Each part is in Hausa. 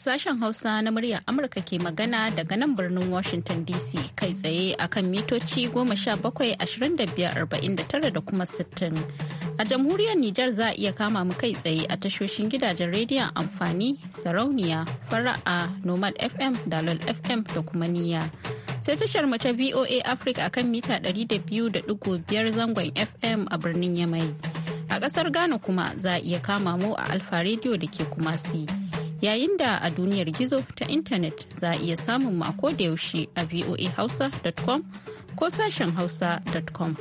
Sashen Hausa na muryar Amurka ke magana daga nan birnin Washington DC kai tsaye akan mitoci 17-25-49 da kuma 60. A jamhuriyar Nijar za a iya kama mu kai tsaye a tashoshin gidajen rediyon amfani, sarauniya, fara'a, nomad FM, dalol FM da kuma niya Sai tashar mu ta VOA Africa akan mita 200.5 zangon FM a birnin Yamai. A ƙasar Ghana kuma za a iya kama mu a Alfa Radio da ke Kumasi. yayin da a duniyar gizo ta intanet za a iya samun mako da yaushe a voahausa.com ko sashen hausa.com.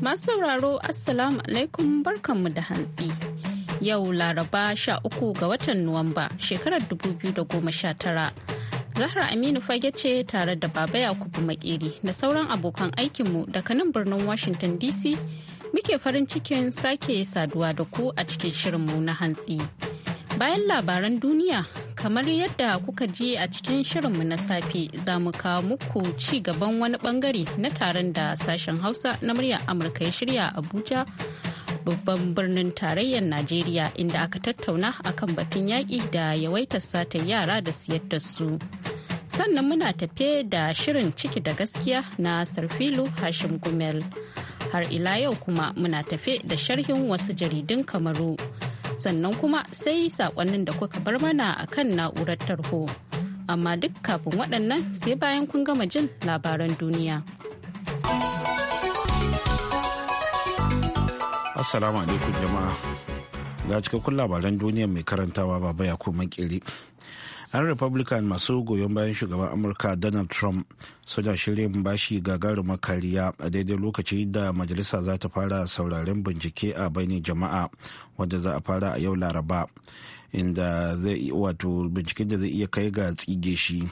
Masu sauraro Assalamu alaikum barkanmu da hantsi. Yau Laraba 13 ga watan Nuwamba shekarar 2019. Zahra Aminu fage ce tare da Baba Yakubu Makeri da sauran abokan aikinmu daga nan birnin Washington DC muke farin cikin sake saduwa da ku a cikin shirinmu na hantsi. Bayan labaran duniya, kamar yadda kuka ji a cikin shirinmu na safe za mu kawo muku ci gaban wani bangare na taron da sashen Hausa na muryar Amurka ya shirya Abuja. babban birnin tarayyar Najeriya inda aka tattauna akan batun yaƙi da yawaitar satar yara da siyar da su. sannan muna tafe da shirin ciki da gaskiya na sarfilu hashim gumel har ila yau kuma muna tafe da sharhin wasu jaridun kamaru sannan kuma sai sakonnin da kuka bar mana a kan na'urar tarho amma duk kafin waɗannan sai bayan kun gama jin labaran duniya assalamu alaikum jama'a ga cikakkun labaran duniya mai karantawa baba ya kuma makili 'yan republican masu goyon bayan shugaban amurka donald trump suna shirin bashi gagarumar kariya a daidai lokaci da majalisa za ta fara sauraren bincike a bainin jama'a wanda za a fara a yau laraba inda zai wato binciken da zai iya kai ga tsige shi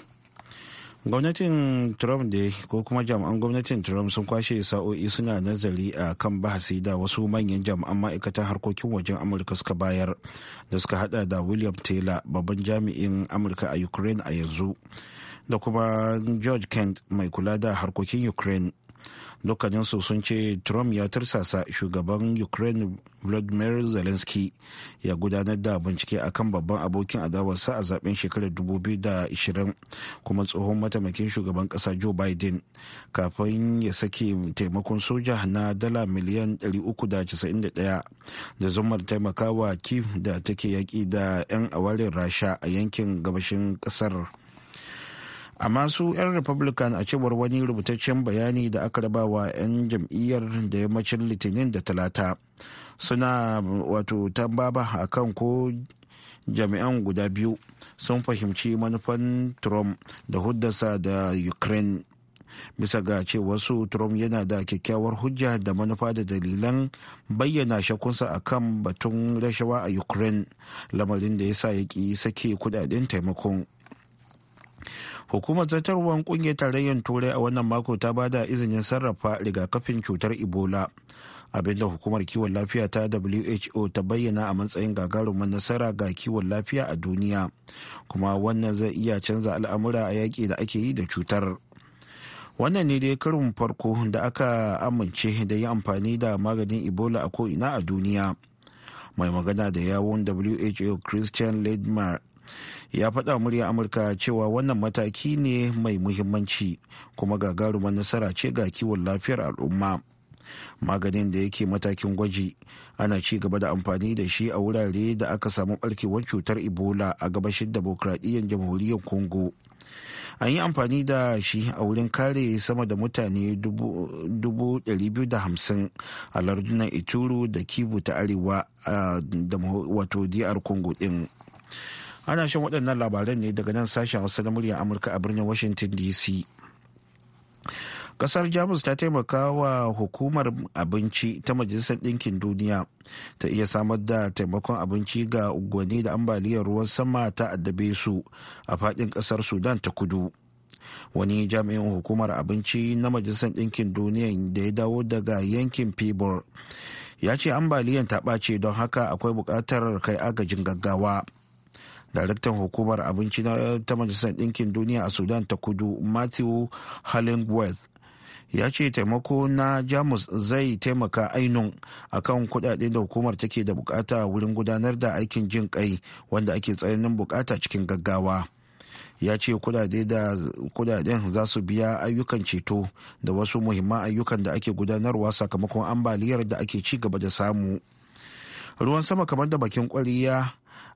gwamnatin trump da ko kuma jami'an gwamnatin trump sun kwashe sa'o'i suna nazari a kan bahasi da wasu manyan jami'an ma'aikatan harkokin wajen amurka suka bayar da suka hada da william taylor babban jami'in amurka a ukraine a yanzu da kuma george kent mai kula da harkokin ukraine dukkaninsu sun ce trump ya tursasa shugaban ukraine vladimir zelensky ya gudanar da bincike akan babban abokin adawarsa a zaben shekarar 2020 kuma tsohon mataimakin shugaban kasa joe biden kafin ya sake taimakon soja na dala miliyan 391 da zumar taimakawa kif da take yaki da 'yan awalin rasha a yankin gabashin kasar amma su 'yan republican a cewar wani rubutaccen bayani da aka raba wa 'yan jam'iyyar da yammacin litinin da talata suna wato tambaba a kan ko jami'an guda biyu sun fahimci manufan trump da huddasa da ukraine bisa ga ce wasu trump yana da kyakkyawar hujja da manufa da dalilan bayyana shakunsa a kan batun rashawa a ukraine lamarin da ya sa ya ki sake kudaden taimakon hukumar zartarwar kungiyar tarayyar turai a wannan mako ta bada izinin sarrafa rigakafin cutar ebola abinda hukumar kiwon lafiya ta who ta bayyana a matsayin gagarumin nasara ga kiwon lafiya a duniya kuma wannan zai iya canza al'amura a yaƙi da ake yi da cutar wannan ne dai karin farko da aka amince da yi amfani da maganin ebola a ko'ina a duniya mai magana da yawon who christian ledmar ya faɗa murya amurka cewa wannan mataki ne mai muhimmanci kuma gagarumar nasara ce ga kiwon lafiyar al'umma maganin da yake matakin gwaji ana ci gaba da amfani da shi a wurare da aka samu barkewar cutar ebola a gabashin demokradiyyar jamhuriyar congo an yi amfani da shi a wurin kare sama da mutane 250 a lardunan ituru da kibu ta arewa wato dr congo din ana shan waɗannan labaran ne daga nan sashen hausa na murya amurka a birnin washington dc kasar jamus ta taimaka wa hukumar abinci ta majalisar ɗinkin duniya ta iya samar da taimakon abinci ga unguwanni da ambaliyar ruwan sama ta addabe su a faɗin ƙasar sudan ta kudu wani jami'in hukumar abinci na majalisar ɗinkin duniya da ya dawo daga yankin pibor ya ce ambaliyan ta ɓace don haka akwai buƙatar kai agajin gaggawa daraktan hukumar abinci ta majalisar ɗinkin duniya a sudan ta kudu matthew hollingworth ya ce taimako na jamus zai taimaka ainun kan kudaden da hukumar take da bukata wurin gudanar da aikin jin kai wanda ake tsananin bukata cikin gaggawa ya ce kudaden za su biya ayyukan ceto da wasu muhimman ayyukan da ake gudanarwa sakamakon ambaliyar da ake ci gaba da samu ruwan sama kamar da bakin kwariya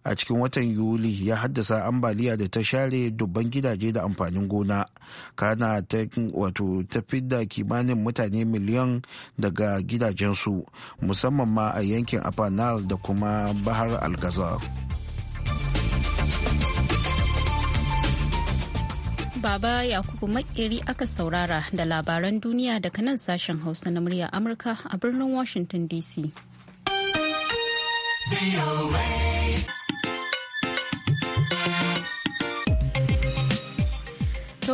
a cikin watan yuli ya haddasa ambaliya da ta share dubban gidaje da amfanin gona kana ta wato ta fidda kimanin mutane miliyan daga gidajensu musamman ma a yankin afanal da kuma bahar algazar Baba Yakubu Makeri aka saurara da labaran duniya daga nan sashen Hausa na murya Amurka a birnin Washington DC.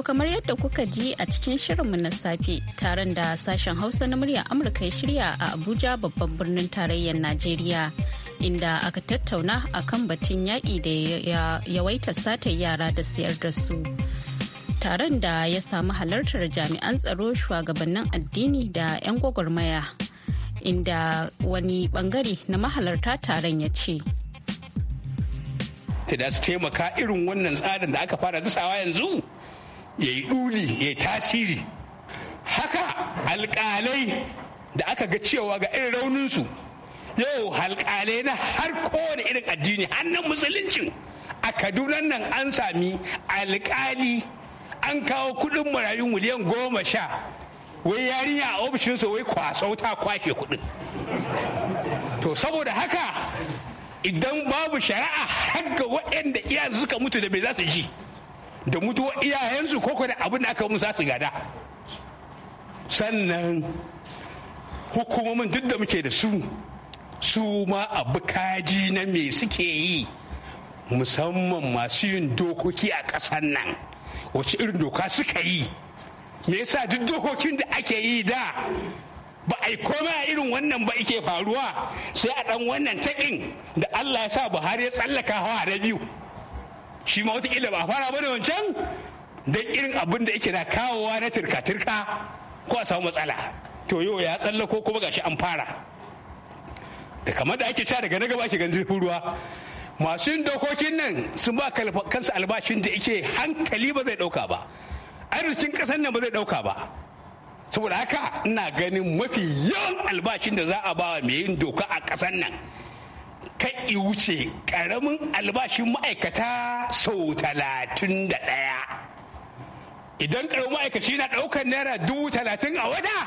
kamar yadda kuka ji a cikin shirinmu na safe taron da sashen Hausa na murya Amurka ya shirya a Abuja babban birnin tarayyar Najeriya. Inda aka tattauna akan batun yaƙi da yawaita sata yara da siyar da su. taron da ya samu halartar jami'an tsaro shugabannin addini da 'yan gwagwarmaya inda wani bangare na mahalarta taron ya ce da su taimaka irin wannan tsarin da aka fara dasawa yanzu ya yi ɗuli ya yi tasiri haka alƙalai da aka ga cewa ga irin rauninsu yau alƙalai na har kowane irin addini hannun musuluncin a kaduna nan an sami alƙali an kawo kuɗin marayu miliyan goma sha wai yarinya a ofishinsa wai kwasau ta kwashe kuɗin to saboda haka idan babu shari'a har ga waɗanda iya suka mutu da bai za su ji da mutuwar iyayensu ko da abin da aka musa su gada sannan hukumomin duk da muke da su su ma abu kaji na me suke yi musamman masu yin dokoki a ƙasar nan wace irin doka suka yi me yasa duk dokokin da ake yi da ba a yi komai a irin wannan ba ike faruwa sai a ɗan wannan taƙin da allah ya sa buhari ya tsallaka hawa na biyu shi ma watakila ba fara bane wancan don irin abin da yake na kawowa na turka-turka ko a samu matsala to yau ya tsalla ko kuma gashi an fara da kamar da ake sha daga na gaba shigan zurfin ruwa masu dokokin nan sun ba kansu albashin da yake hankali ba zai dauka ba arzikin kasar nan ba zai dauka ba saboda haka ina ganin mafi yawan albashin da za a ba wa mai yin doka a kasar nan kai wuce karamin albashin ma'aikata sau talatin da ɗaya idan karamin ma'aikaci na ɗaukar naira dubu talatin a wata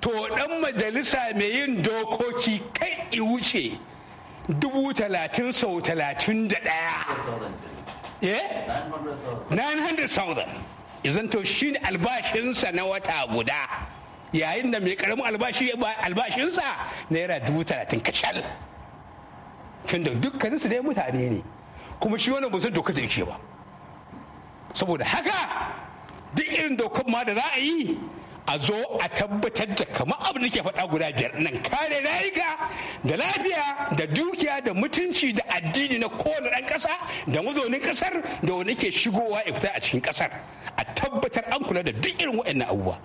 to ɗan majalisa mai yin dokoki kai wuce dubu talatin sau talatin da ɗaya Eh? 900,000 to shi ne albashinsa na wata guda yayin da mai karamin albashinsa naira dubu talatin kashal tunda dukkanin su dai mutane ne kuma shi wannan san doka da yake ba saboda haka duk irin dokar ma da za a yi a zo a tabbatar da kamar abu da ke faɗa guda biyar nan kare rayuka da lafiya da dukiya da mutunci da addini na kowane ɗan ƙasa da mazaunin ƙasar da wani ke shigowa ya fita a cikin ƙasar a tabbatar an kula da duk irin waɗannan abubuwa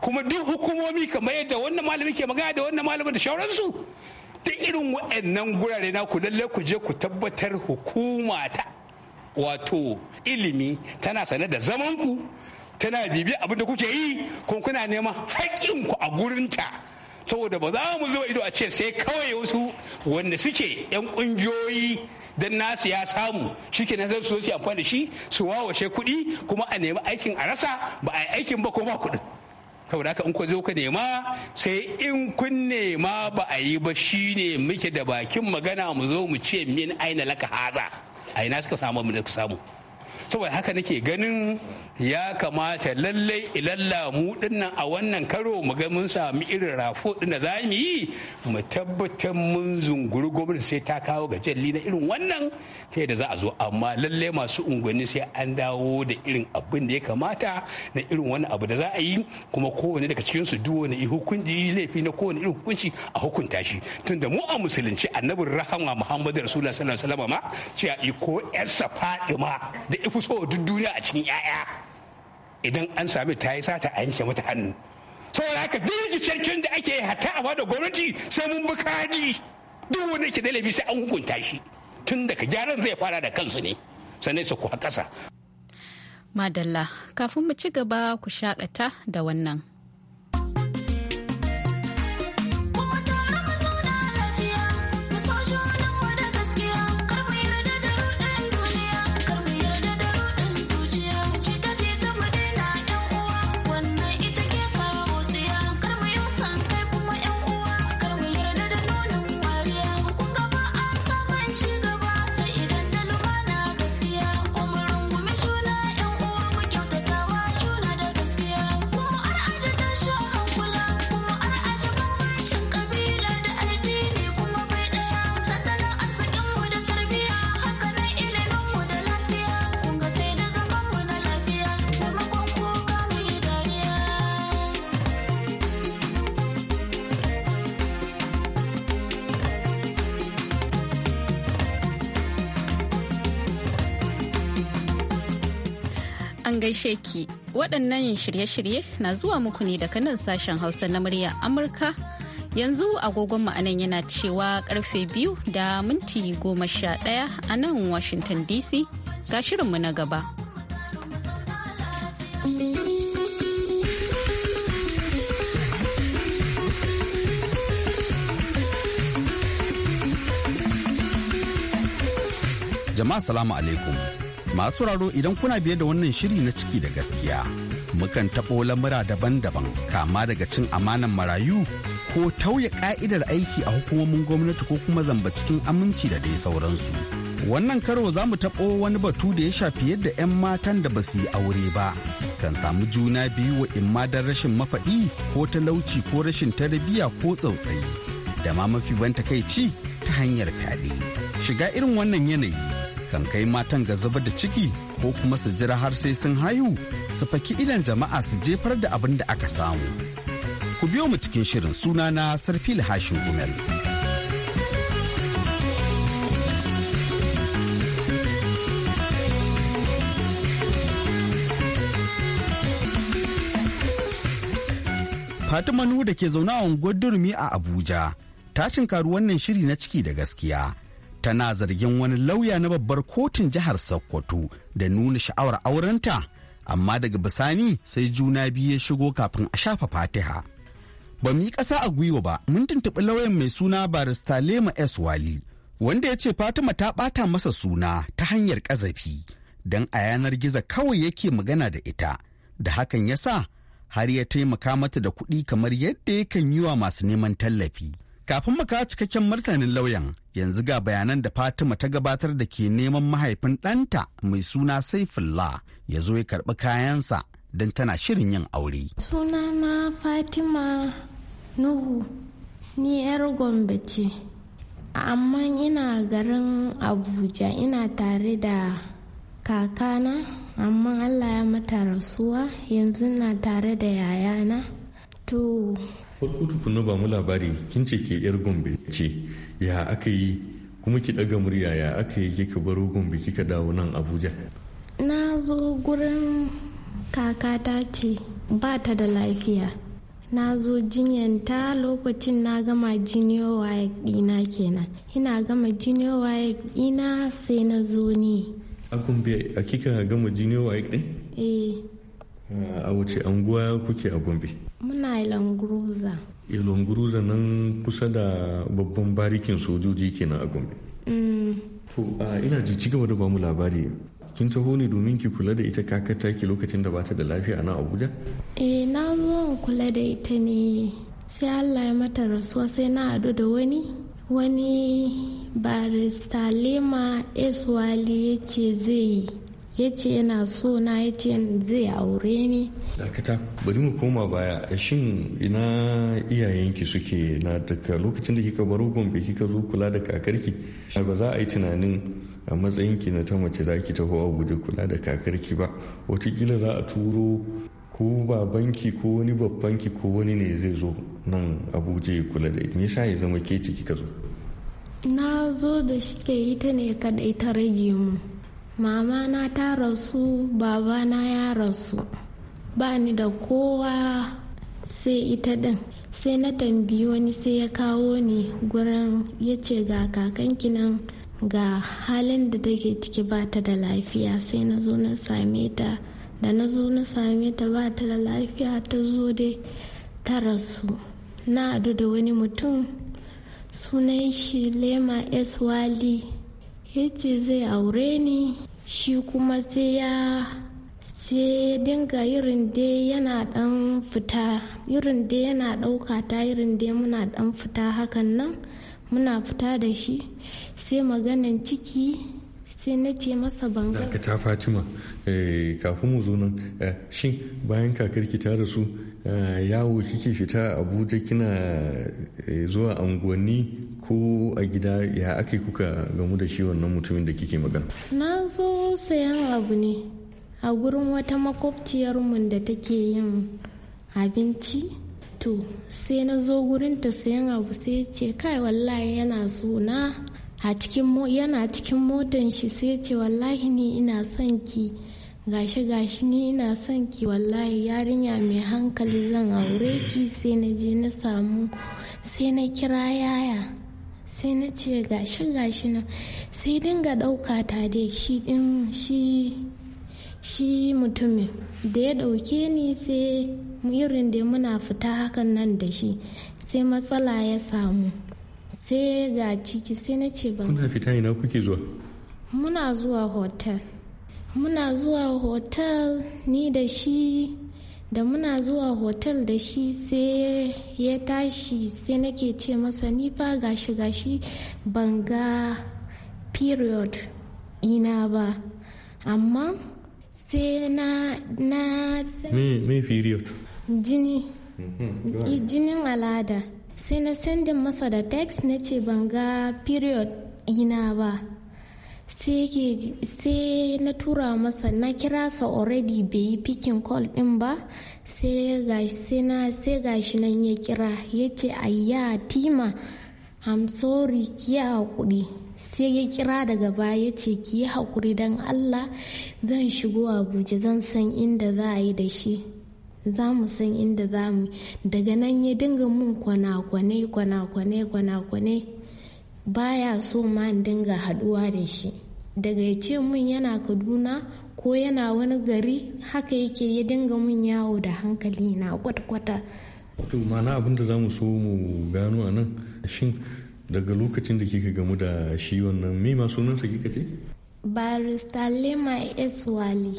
kuma duk hukumomi kamar yadda wannan malami ke magana da wannan malamin da shauransu duk irin waɗannan gurare na ku lalle ku je ku tabbatar hukuma ta wato ilimi tana sane da zaman ku tana bibiya abin da kuke yi kun kuna neman ku a gurinta saboda ba za mu zuba ido a ce sai kawai wasu wanda suke 'yan ƙungiyoyi dan nasu ya samu shi ke nasar su amfani da shi su wawashe kuɗi kuma a nemi aikin a rasa ba a yi aikin ba ko ba kuɗin saboda haka in ku zo ku nema sai in kun nema ba a yi ba shi ne muke da bakin magana mu zo mu ce min aina laka haza a ina suka samu mu da samu saboda haka nake ganin ya kamata lallai ilalla mu dinnan a wannan karo mu ga mun sami irin rafo din za mu yi mu tabbatar mun zunguri gwamnati sai ta kawo ga jalli na irin wannan ta da za a zo amma lallai masu unguwanni sai an dawo da irin abin da ya kamata na irin wani abu da za a yi kuma kowane daga cikin su duk wani hukunci laifi na kowane irin hukunci a hukunta shi tunda mu a musulunci annabin rahama muhammadu rasulullahi sallallahu alaihi wasallam ma cewa iko yarsa ma da ifu cuso duk duniya a cikin 'ya'ya idan an sami ta yi sata a yanke mata hannu saboda haka duk rikicin da ake hata a da gwamnati sai mun bi kadi duk wanda ke da sai an hukunta shi tun daga gyaran zai fara da kansu ne sannan su kuwa kasa madalla kafin mu ci gaba ku shakata da wannan gaishe ki waɗannan shirye-shirye na zuwa muku ne daga nan sashen hausa na murya amurka yanzu agogon ma'anan yana cewa karfe biyu da minti goma sha ɗaya a nan washington dc ga shirinmu na gaba. jama'a salamu alaikum Masu raro idan kuna biye da wannan shiri na ciki da gaskiya, mukan taɓo lamura daban-daban kama daga cin amanan marayu ko tauye ƙa'idar aiki a hukumomin gwamnati ko kuma zamba cikin aminci da dai sauransu. Wannan karo za mu taɓo wani batu da ya shafi yadda 'yan matan da ba su yi aure ba kan samu juna biyu wa imma don rashin mafaɗi ko talauci ko rashin tarbiyya ko tsautsayi da ma mafi ban takaici ta hanyar fyaɗe. Shiga irin wannan yanayi kan kai matan ga zuba da ciki ko kuma su jira har sai sun haihu su faki idan jama'a su jefar da abin da aka samu. Ku biyo mu cikin shirin suna na Sarfil Hashin Gumel. Fatima Nuhu da ke zaune a unguwar Durmi a Abuja ta shinkaru wannan shiri na ciki da gaskiya. tana zargin wani lauya na babbar kotun jihar sokoto da nuna sha'awar aurenta amma daga bisani sai juna biyu ya shigo kafin a shafa fatiha ba mu yi ƙasa a gwiwa ba mun tuntuɓi lauyan mai suna barista lema s wali wanda ya ce fatima ta ɓata masa suna ta hanyar ƙazafi don a yanar gizo kawai yake magana da ita da hakan ya sa har ya taimaka mata da kuɗi kamar yadda yakan yi wa masu neman tallafi Kafin mu kawo cikakken martanin lauyan, yanzu ga bayanan da Fatima ta gabatar da ke neman mahaifin ɗanta mai suna Saifulla ya zo ya karɓi kayansa don tana shirin yin aure. na Fatima Nuhu, ni 'yar Gombe ce, amma ina garin Abuja ina tare da kakana, amma Allah ya mata rasuwa yanzu na tare da yayana. To, farko tukuna ba mu labari kin ce ke yar gombe ce ya aka yi kuma ki daga murya ya aka yi kika baro gombe kika dawo nan abuja na zo gurin kakata ce ba ta da lafiya na zo ta lokacin na gama jinyowa ya dina kenan ina gama jinyowa ya ina sai na zo ne a gombe a kika gama jinyowa ya din eh a wace anguwa kuke a gombe Muna Ilanguruza. Ilanguruza nan kusa da babban barikin sojoji kenan a Gombe. Mm. ina ji ci gaba da bamu labari kin taho ne domin ki kula da ita kakar ki lokacin da bata da lafiya na nan abuja eh na zo in kula da ita ne sai allah ya mata rasuwa sai na hadu da wani wani barista lema eswali ya ce zai yi ya ce yana so na ya ce zai aure ni dakata bari mu koma baya eh, shin ina iyayenki suke na daga lokacin da kika baro gombe kika zo kula da kakarki ba za a yi tunanin a matsayinki na ta mace da ki taho abuja kula da kakarki ba watakila za a turo ko babanki ko wani babbanki ko wani ne zai zo nan abuja ya kula da me yasa ya zama ke kika zo na zo da shi yi ita ne kadai ta rage mu mama na ta rasu baba na ya rasu ba ni da kowa sai ita din sai na tambayi wani sai ya kawo ni gurin ya ce ga kakanki nan ga halin da take ciki ba ta da lafiya sai na zo na same ta da na zo na same ta ba ta da lafiya ta zo dai ta rasu na adu da wani mutum sunan shi lema eswali ya ce zai aure ni shi kuma sai ya sai dinga irin dai yana dan fita irin dai yana dauka ta irin dai muna dan fita hakan nan muna fita da shi sai maganin ciki sai na ce masa da ka ta fatima eh, kafin mu zo nan eh, shin bayan kakarki ta rasu Eh, yawo kike fita abuja kina eh, zuwa unguwanni ko a gida ya aka kuka gamu da shi wannan mutumin da kike magana na zo sayan abu ne a gurin wata makwabciyarmu da take yin abinci to sai na zo gurin ta sayan abu sai ce kai wallahi yana so na a cikin cikin motan shi sai ce wallahi ni ina son ki gashi gashi ni ina son ki wallahi yarinya mai hankali zan aure ki sai na je na samu sai na kira yaya sai na ce gashi gashi na sai dinga ɗauka ta dai shi din shi shi mutumin da ya ɗauke ni sai irin da muna fita hakan nan da shi sai matsala ya samu sai ga ciki sai na ce ba kuna fita ina kuke zuwa muna zuwa hotel muna zuwa hotel ni da shi da muna zuwa hotel da shi sai ya tashi sai nake ce masa ni fa gashi gashi ban ga period ina ba amma sai na na me period jini mhm, jinin alada sai na sendin masa da text na ce ban ga period ina ba sai na tura masa na kira sa already bai yi picking call din ba sai gashi nan ya kira ya ce ayya tima I'm sorry ki hakuri sai ya kira daga baya ya ce ki yi hakuri don Allah zan shigo Abuja zan san inda za a yi da shi za mu san inda za mu daga nan ya dinga mun kwana-kwane kwana-kwane kwana-kwane baya so ma dinga haduwa da shi daga ya ce mun yana kaduna ko yana wani gari haka yake ya dinga mun yawo da hankali na kwata-kwata mana abin da za mu so mu gano a nan shin daga lokacin da kika gamu da shi wannan me ma sunansa kika ce barista lema eswali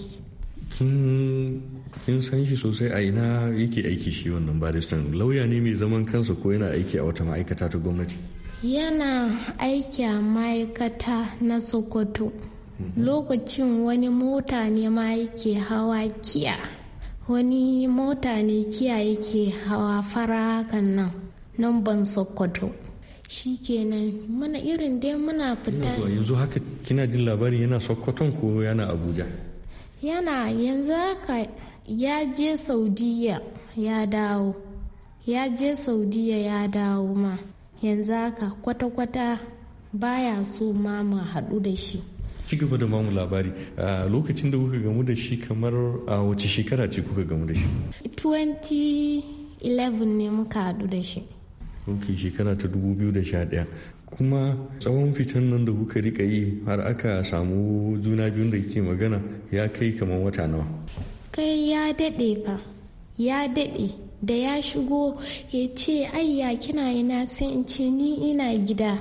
kin san shi sosai a ina yake aiki shi wannan barista lauya ne mai zaman kansa ko yana aiki a wata ma'aikata ta gwamnati yana aiki a ma'aikata na sokoto mhm. lokacin wani mota ne ma yake hawa kiya wani mota ne kiya yake hawa fara hakan nan nan ban sokoto shi kenan mana irin dai muna fita yanzu haka kina jin labarin yana sokoton ko yana abuja yana yanzu haka ya je saudiya ya dawo ya je saudiya ya dawo ma yanzu haka kwata-kwata baya so ma mu haɗu da shi ci gaba da mamu labari a lokacin da kuka gamu da shi kamar a wace shekara ce kuka gamu da shi 2011 ne muka haɗu da shi ok shekara ta 2011 kuma tsawon fitan nan da kuka rika yi har aka samu juna biyun da ke magana ya kai kamar wata nawa kai ya daɗe fa ya daɗe da ya shigo ya ce ayya kina yana sai in ce ni ina gida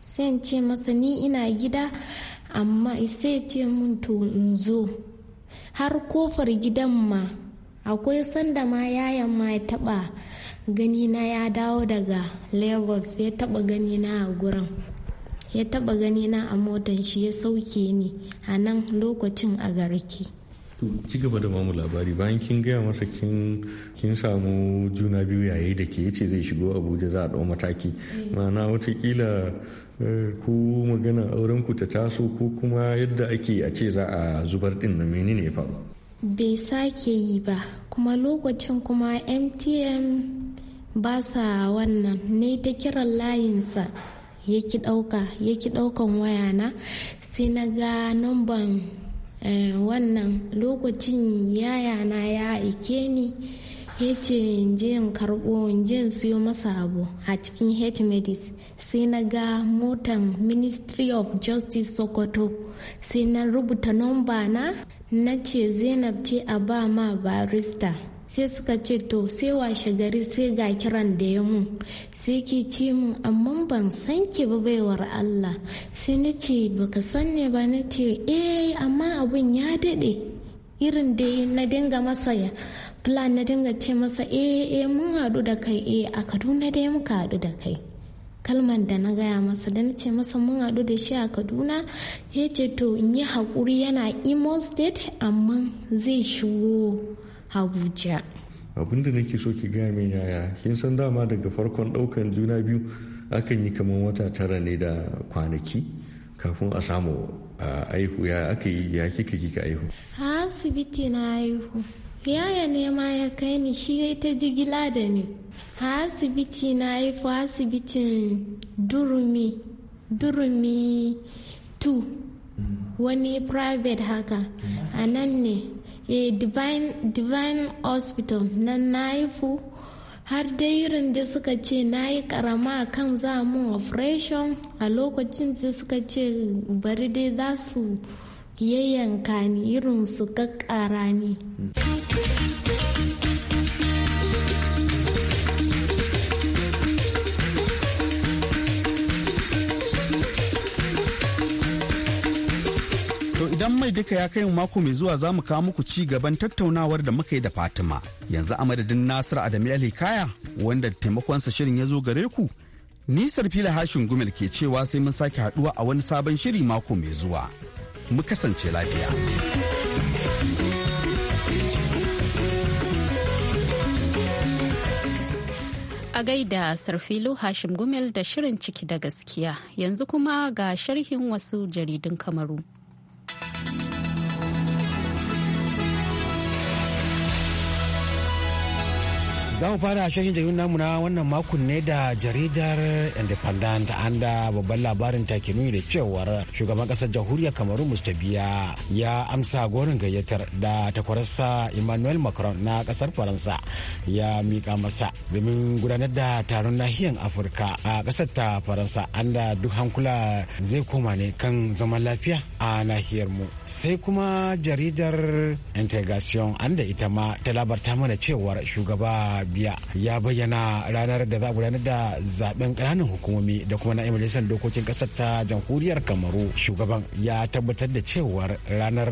sai in ce masa ni ina gida amma sai ce mun to in zo har kofar gidan ma akwai sanda ma yayan ma ya taɓa gani na ya dawo daga lagos ya taɓa gani na a gurin ya taɓa gani na a motan shi ya sauke ni a nan lokacin a garki. ci gaba da mamu labari bayan kin gaya masa kin samu juna biyu yayi da ke ce zai shigo abuja za a dau mataki eh. mana watakila eh, ku magana auren ku ta taso ko kuma yadda ake a ce za a zubar din na menene ne faru bai sake yi ba kuma lokacin kuma mtm ba sa wannan ne ta kiran layinsa yaki ɗauka ki ɗaukan wayana sai na ga namban Eh, wannan lokacin yayana ya aike ni ya ce je in karbo je in siyo masa abu a cikin hmedis sai na ga motan ministry of justice sokoto sai na rubuta nomba na na ce zainab ce a ba ma barista sai suka ce to sai washe gari sai ga kiran da ya mu sai ke ce mun amma ban san ki ba baiwar Allah sai na ce baka san ne ba na ce eh amma abun ya dade irin da na dinga masa ya plan na dinga ce masa eh eh mun hadu da kai eh a Kaduna dai muka hadu da kai kalmar da na gaya masa da na ce masa mun hadu da shi a kaduna ya ce to in yi haƙuri yana imo state amma zai shigo Abuja. Abin da nake so ki gaya min yaya kin san dama daga farkon ɗaukan juna biyu akan yi kamar wata tara ne da kwanaki kafin a samu aihu ya aka yi ya kika kika aihu. A asibiti na aihu. Yaya ne ma ya kai ni shi ta jigila da ni. A asibiti na aihu asibitin durumi durumi 2 mm. wani private haka a nan ne. eh divine hospital nan na naifu har dai irin da suka ce na yi karama kan za mun operation a lokacin da suka ce bari dai za su yayyanka ni irin su kakkara ni. Hmm. idan mai duka ya kai mako mai zuwa za mu kawo muku ci gaban tattaunawar da muka yi da fatima yanzu a madadin nasir adami kaya wanda taimakonsa shirin ya zo gare ku nisar fila hashin gumel ke cewa sai mun sake haduwa a wani sabon shiri mako mai zuwa mu kasance lafiya a gaida sarfilo hashim gumel da shirin ciki da gaskiya yanzu kuma ga sharhin wasu jaridun kamaru za mu fara shirin jaridun namu na wannan makon ne da jaridar independent an da babban labarin ta ke nuni da cewar shugaban kasar jamhuriyar kamaru mustabiya ya amsa gorin gayyatar da takwararsa emmanuel macron na kasar faransa ya mika masa domin gudanar da taron nahiyar afirka a kasar ta faransa an duk hankula zai koma ne kan zaman lafiya a nahiyar mu sai kuma jaridar integration anda ita ma ta labarta mana cewar shugaba biya ya bayyana ranar da za a gudanar da zaben ƙananan hukumomi da kuma na majalisar dokokin ƙasar ta jamhuriyar kamaru shugaban ya tabbatar da cewar ranar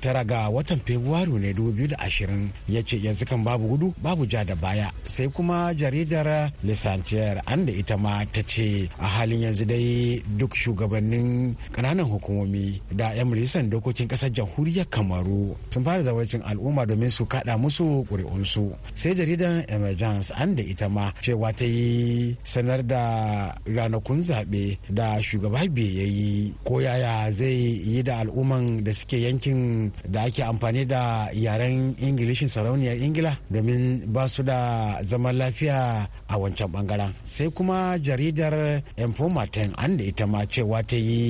tara ga watan fabrairu ne ashirin ya ce yanzu kan babu gudu babu ja da baya sai kuma jaridar lisantiyar an da ita ma ta ce a halin yanzu dai duk shugabannin ƙananan hukumomi da 'yan majalisar dokokin ƙasar jamhuriyar kamaru sun fara zawarcin al'umma domin su kaɗa musu ƙuri'unsu sai jaridar emergence an da ita ma cewa ta yi sanar da ranakun zaɓe da shugaba bai ya yi ko yaya zai yi da al'umman da suke yankin da ake amfani da yaren ingilishin sarauniyar ingila domin ba su da zaman lafiya a wancan bangaren sai kuma jaridar informatin an da ita ma cewa ta yi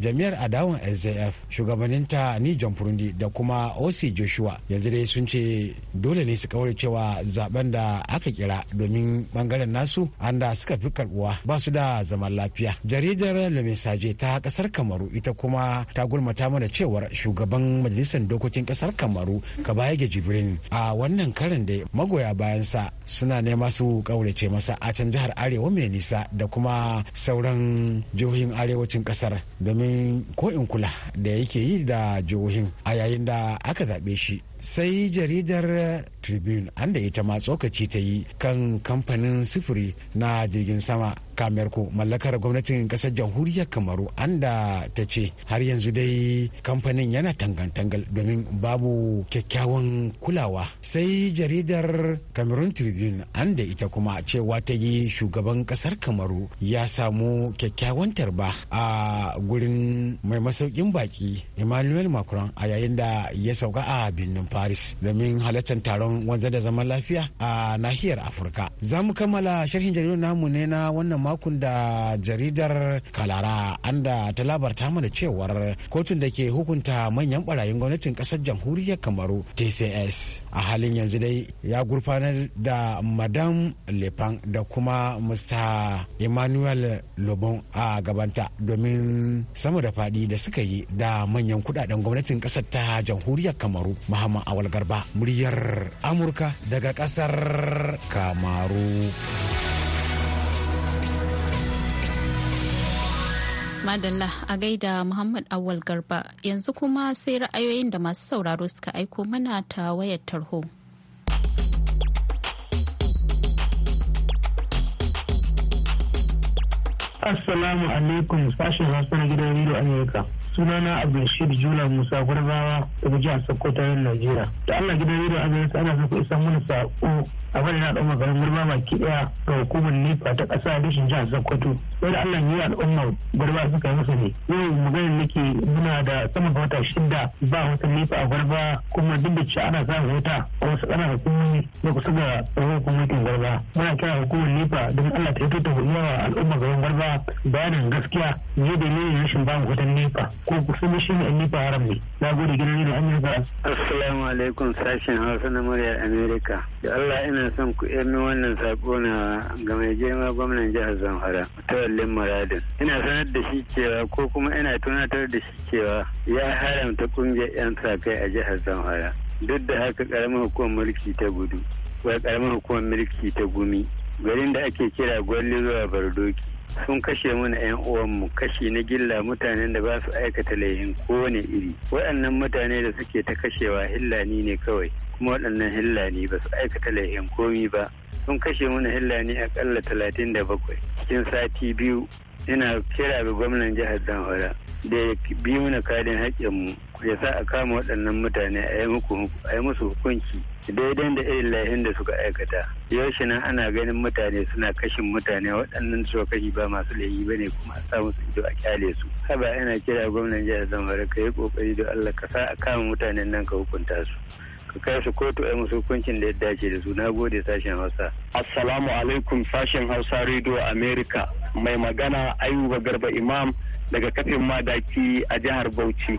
jami'ar adawan sjf shugabanninta ni john purundi da kuma oc joshua yanzu dai sun ce dole ne su kawar cewa zaben da aka kira domin bangaren nasu an da suka fi karbuwa ba su da zaman lafiya jaridar lamisaje ta kasar kamaru ita kuma ta gulmata mana cewar shugaban majalisar dokokin kasar kamaru baya ga jibrin a wannan karin da magoya bayansa suna nema su kaurace masa a can jihar arewa mai nisa da kuma sauran jihohin arewacin kasar domin kokarin ko in kula da yake yi da jihohin a yayin da aka zaɓe shi sai jaridar eh, tribune anda ita ma tsokaci ta yi kan kamfanin sufuri na jirgin sama kamerko mallakar gwamnatin kasar jamhuriyar kamaru anda ta ce har yanzu dai kamfanin yana tangantangal domin babu kyakkyawan kulawa sai jaridar cameroon tribune anda ita kuma cewa ta yi shugaban kasar kamaru ya samu kyakkyawan tarba a gurin mai masaukin baki emmanuel macron a yayin da ya sauka a birnin paris domin halartar taron wanzar da zaman lafiya a nahiyar afirka za mu kammala sharhin jaridar namu ne na wannan makon da jaridar kalara an da ta labarta mana cewar kotun da ke hukunta manyan barayin gwamnatin kasar jamhuriyar kamaru tcs a halin yanzu dai ya gurfanar da madam lefan da kuma mr emmanuel lobon a gabanta domin sama da faɗi da suka yi da manyan kudaden gwamnatin ƙasar ta jamhuriyar kamaru muhammad awal garba muryar amurka daga ƙasar kamaru. Madalla a gaida Muhammad Awal Garba yanzu kuma sai ra'ayoyin da masu sauraro suka aiko mana ta wayar tarho. Assalamu alaikum sashen Hausa na gidan Radio Amerika. Sunana Abdulshid Jula Musa Gurbawa daga jihar Sokoto yin Najeriya. Da Allah gidan Radio Amerika ana son ku isa mana sako a bari na al'umma garin Gurba ki daya ga hukumar NEPA ta kasa da shin jihar Sokoto. Sai da Allah yi al'umma Gurba suka yi ne. Yau maganar nake muna da sama da wata shida ba wata NEPA a Gurba kuma duk da cewa ana samun wuta a wasu ƙananan hukumomi da kusa ga hukumar Gurba. Muna kira hukumar NEPA don Allah ta yi ta wa al'umma garin Gurba bayanin gaskiya ne da ne rashin ba mu kudin ko kusa shi ne nefa haram ne na gode gidan ne an yi ba assalamu alaikum sashen hausa na muryar america da allah ina son ku irin wannan sako na ga mai girma gwamnan jihar zamfara tawallin muradin ina sanar da shi cewa ko kuma ina tunatar da shi cewa ya haramta kungiyar yan sa a jihar zamfara duk da haka karamin hukumar mulki ta gudu ko karamin hukumar mulki ta gumi garin da ake kira gwalli zuwa bardoki sun kashe mana 'yan uwanmu kashi na gilla mutanen da ba su aikata laifin kowane iri waɗannan mutane da suke ta kashewa hillani ne kawai kuma waɗannan hillani ba su aikata laifin komi ba sun kashe mana hillani akalla talatin da bakwai cikin sati biyu ina kira ga gwamnan jihar zamfara da ya bi mana kadin haƙƙinmu ya sa a kama waɗannan mutane a yi musu hukunci daidai da irin laifin da suka aikata yaushe nan ana ganin mutane suna kashin mutane waɗannan su kashi ba masu laifi ba ne kuma a samu su ido a kyale su haba yana kira gwamnan jihar zamfara ka yi kokari da allah ka sa a kama mutanen nan ka hukunta su ka kai su kotu a musu hukuncin da ya dace da su na gode sashen hausa assalamu alaikum sashen hausa radio america mai magana ayuba garba imam daga kafin madaki a jihar bauchi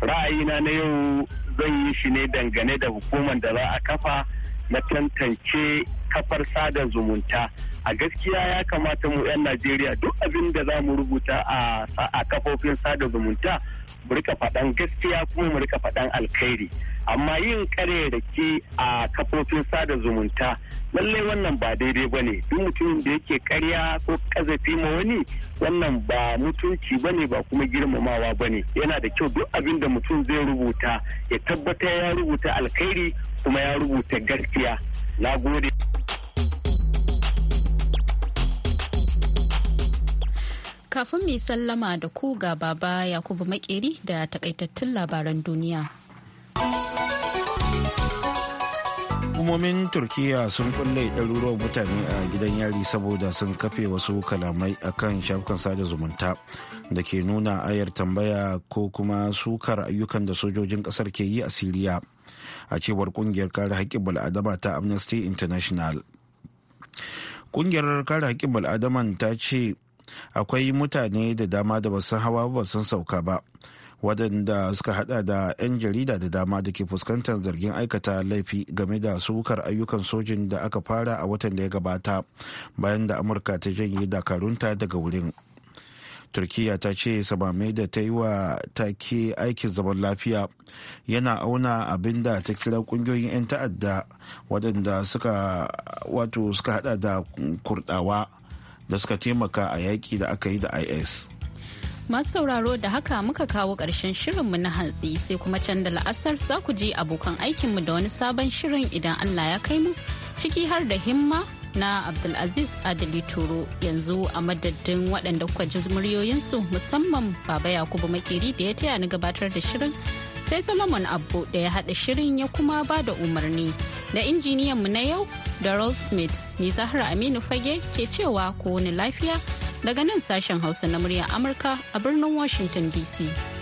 ra'ayina na yau zan yi shi ne dangane da hukumar da za a kafa na tantance kafar sada zumunta a gaskiya ya kamata mu 'yan najeriya duk abin da za mu rubuta a kafofin sada zumunta mu rika faɗan gaskiya kuma mu rika faɗan alkhairi amma yin kare da ke a kafofin sada zumunta lallai wannan ba daidai ba ne duk mutumin da yake karya ko kazafi ma wani wannan ba mutunci ba ne ba kuma girmamawa ba ne yana da kyau duk abin da mutum zai rubuta ya tabbata ya rubuta alkhairi kuma ya rubuta gaskiya na gode Kafin mu yi sallama da ku ga baba Yakubu Makeri da takaitattun labaran duniya. Hukumomin Turkiyya sun kulle ɗaruruwan mutane a gidan yari saboda sun kafe wasu kalamai akan shafukan sada zumunta da ke nuna ayar tambaya ko kuma sukar ayyukan da sojojin ƙasar ke yi a Siriya a cewar ƙungiyar kare haƙƙin bal'adama ta Amnesty International. Ƙungiyar kare haƙƙin bal'adaman ta ce akwai mutane da dama da san hawa ba san sauka ba waɗanda suka hada da 'yan jarida da dama da ke fuskantar zargin aikata laifi game da sukar ayyukan sojin da aka fara a watan da ya gabata bayan da amurka ta janye dakarunta daga wurin turkiya ta ce samame da ta yi wa take aikin zaman lafiya yana auna abin da ta kira kungiyoyin 'yan ta'adda waɗanda suka wato suka hada da kurdawa da suka taimaka a yaƙi da aka yi da is masu sauraro da haka muka kawo ƙarshen shirinmu na hantsi sai kuma can da la'asar za ku je abokan aikinmu da wani sabon shirin idan allah ya kai mu ciki har da himma na abdulaziz adali turo yanzu a madadin waɗanda kuka ji muryoyinsu musamman baba yakubu makeri da ya taya ni gabatar da shirin sai solomon abu da ya haɗa shirin ya kuma ba da umarni da injiniyan mu na yau da Smith ni Zahra Aminu Fage ke cewa ku lafiya daga nan sashen Hausa na muryar Amurka a birnin Washington DC.